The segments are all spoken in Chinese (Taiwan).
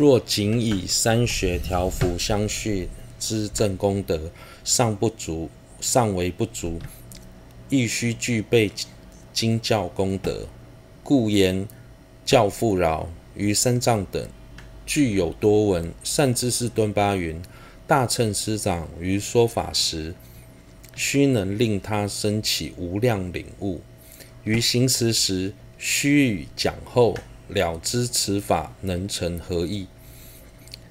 若僅以三學調伏相續之證功德尚不足，尚為不足，亦須具備經教功德。故言教富饒於三藏等具有多聞善知識敦巴雲：大乘師長於說法時，須能令他生起無量領悟；於行持時，須予講後。了知此法能成何益？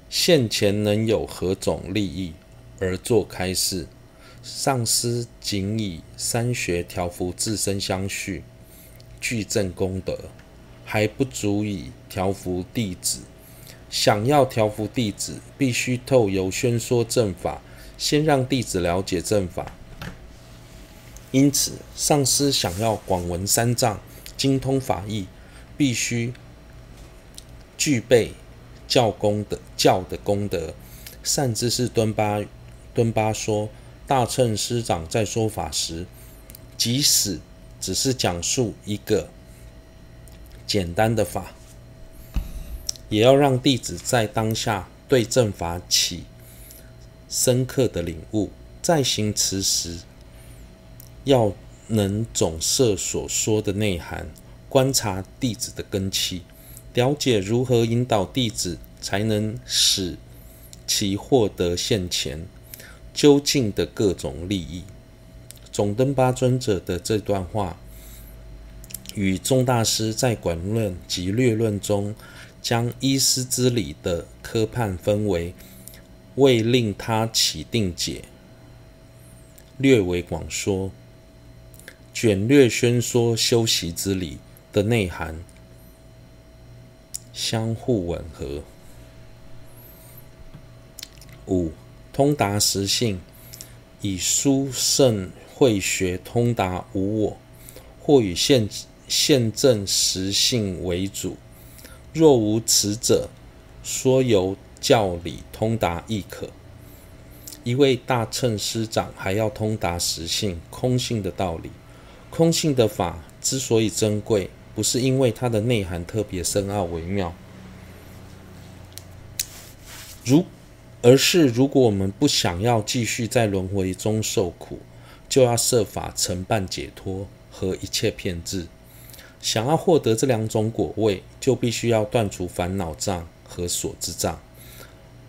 現前能有何種利益而做開示？上師僅以三學調伏自身相續，具正功德，還不足以調伏弟子。想要調伏弟子，必須透由宣說正法，先讓弟子了解正法。因此，上師想要廣聞三藏、精通法義，必須。具備教功德、教的功德，善知識敦巴敦巴說：大乘師長在說法時，即使只是講述一個簡單的法，也要讓弟子在當下對正法起深刻的領悟。在行持時，要能總攝所說的內涵，觀察弟子的根器。了解如何引導弟子，才能使其獲得現前究竟的各種利益。總登巴尊者的這段話，與宗大師在《廣論》及《略論》中，將依師之理的科判分為為令他起定解，略為廣說，簡略宣說修習之理的內涵相互吻合。五，通達實性，以書聖慧學通達無我，或以現現證實性為主。若無此者，說由教理通達亦可。一位大乘師長還要通達實性、空性的道理。空性的法之所以珍貴，不是因為它的內涵特別深奧微妙。如，而是如果我們不想要繼續在輪回中受苦，就要設法承辦解脫和一切遍智，想要獲得這兩種果位，就必須要斷除煩惱障和所知障。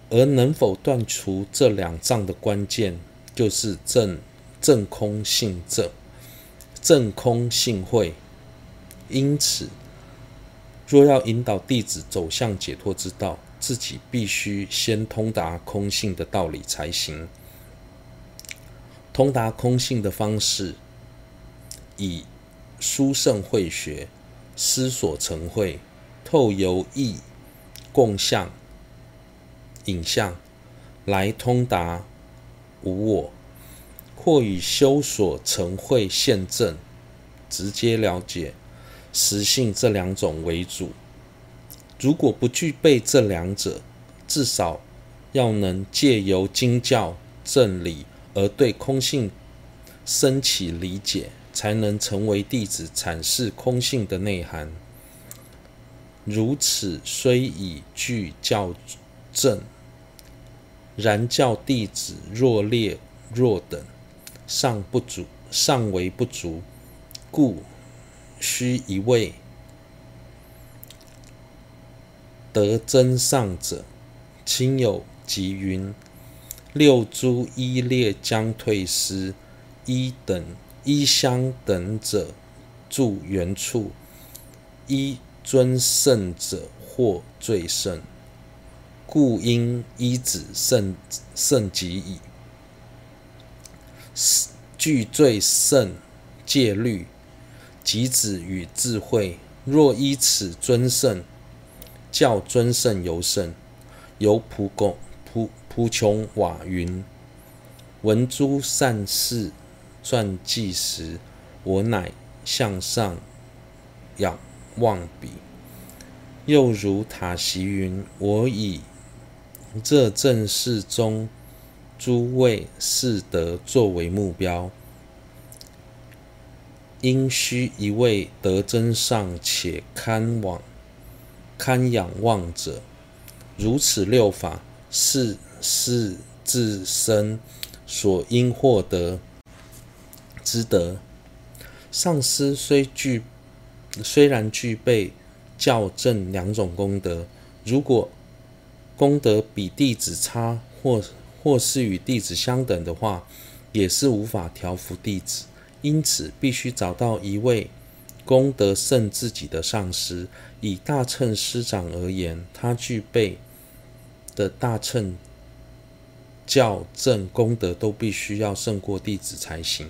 而能否斷除這兩障的關鍵，就是證證空性證證空性慧。因此，若要引導弟子走向解脫之道，自己必須先通達空性的道理才行。通達空性的方式，以書聖會學、思所成慧、透由意、共相影像來通達無我，或以修所成慧現證直接了解實性，這兩種為主。如果不具備這兩者，至少要能借由經教正理而對空性生起理解，才能成為弟子闡釋空性的內涵。如此雖已具教證，然教弟子若劣若等，尚不足，尚為不足，故須一位。得真上者，親友及云：六諸一列將退失，一等一相等者，住原處；一尊勝者，獲最勝，故應依止勝勝己矣。具最勝戒律，及止與智慧，若依此尊勝。教尊勝尤聖由普公普樸窮瓦雲，聞諸善事傳記時，我乃向上仰望彼；又如塔西雲，我以這正事中諸位士德作為目標，因須一位德增上且堪往。堪仰望者，如此六法是是自身所應獲得之德。上師雖具雖然具備教證兩種功德，如果功德比弟子差，或或是與弟子相等的話，也是無法調伏弟子。因此，必須找到一位，功德勝自己的上師。以大乘師長而言，他具備的大乘教證功德都必須要勝過弟子才行。《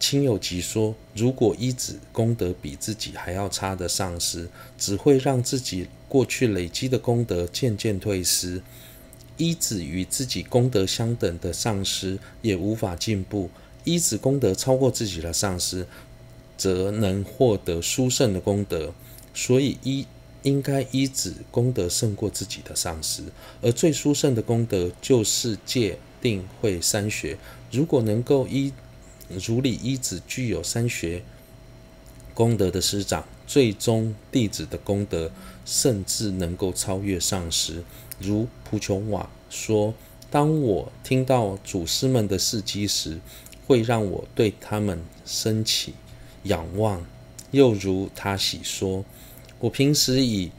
親友集》說：如果依止功德比自己還要差的上師，只會讓自己過去累積的功德漸漸退失；依止與自己功德相等的上師也無法進步；依止功德超過自己的上師，則能獲得殊勝的功德，所以依應該依止功德勝過自己的上師，而最殊勝的功德就是戒定慧三學。如果能夠依如理依止具有三學功德的師長，最終弟子的功德甚至能夠超越上師。如普瓊瓦說：“當我聽到祖師們的事蹟時，會讓我對他們生起。”仰望，又如他喜說：“我平時以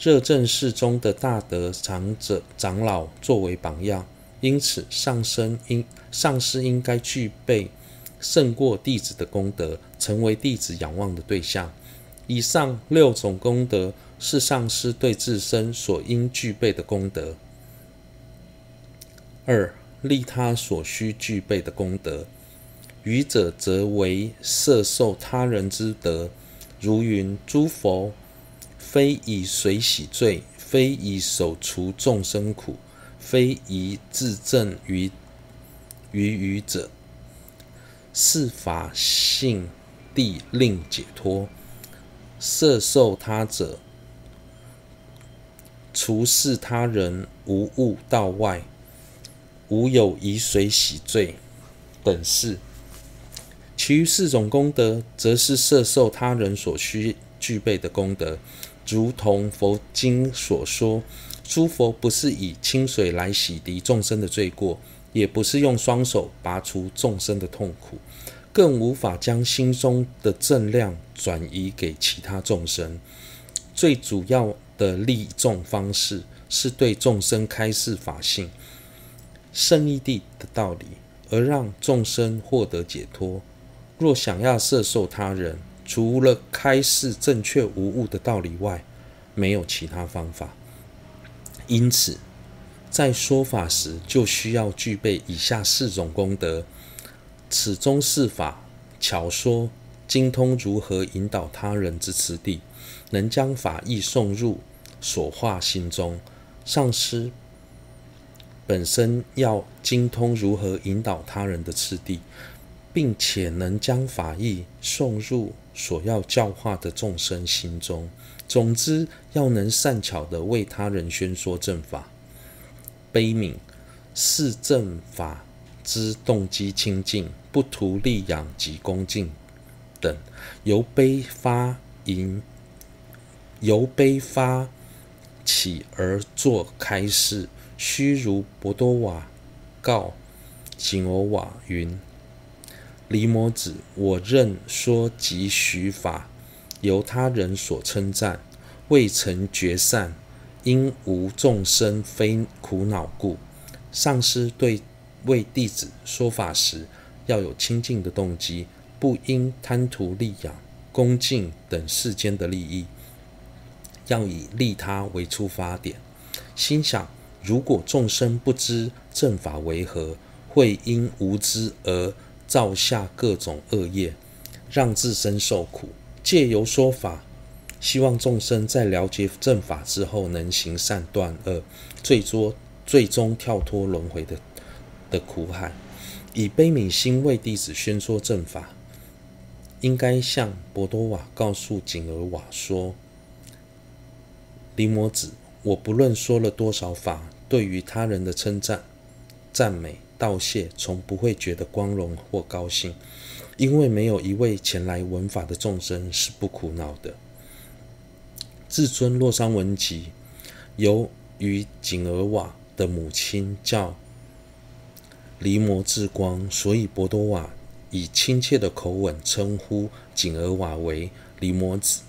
熱振寺中的大德長者長老作為榜樣，因此上師應上師應該具備勝過弟子的功德，成為弟子仰望的對象。以上六種功德是上師對自身所應具備的功德。二，利他所需具備的功德。”愚者則為攝受他人之德，如云：諸佛非以水洗罪，非以手除眾生苦，非以自證於，於於愚者。是法性地令解脫，攝受他者，除是他人無物道外，無有以水洗罪等事。其餘四種功德，則是攝受他人所需具備的功德。如同佛經所說，諸佛不是以清水來洗滌眾生的罪過，也不是用雙手拔除眾生的痛苦，更無法將心中的正量轉移給其他眾生。最主要的利眾方式，是對眾生開示法性、勝義諦的道理，而讓眾生獲得解脫。若想要攝受他人，除了開示正確無誤的道理外，沒有其他方法。因此，在說法時就需要具備以下四種功德：此中是法、巧說、精通如何引導他人之次第，能將法義送入所化心中。上師本身要精通如何引導他人的次第。並且能將法義送入所要教化的眾生心中。總之，要能善巧地為他人宣說正法，悲憫是正法之動機清淨，不圖利養及恭敬等，由悲發引，由悲發起而作開示，須如博朵瓦告金厄瓦云。黎摩子，我認說及許法，由他人所稱讚，未曾決散，因無眾生非苦惱故。上師對為弟子說法時，要有清淨的動機，不應貪圖利養、恭敬等世間的利益，要以利他為出發點，心想如果眾生不知正法為何，會因無知而。造下各種惡業，讓自身受苦，借由說法希望眾生在了解正法之後，能行善斷惡，最終最終跳脫輪迴的的苦海，以悲憫心為弟子宣說正法。應該向博多瓦告訴景爾瓦說：“臨摩子，我不論說了多少法，對於他人的稱讚讚美。”道謝，從不會覺得光榮或高興，因為沒有一位前來聞法的眾生是不苦惱的。《至尊洛桑文集》，由於景爾瓦的母親叫離摩智光，所以博多瓦以親切的口吻稱呼景爾瓦為離摩子。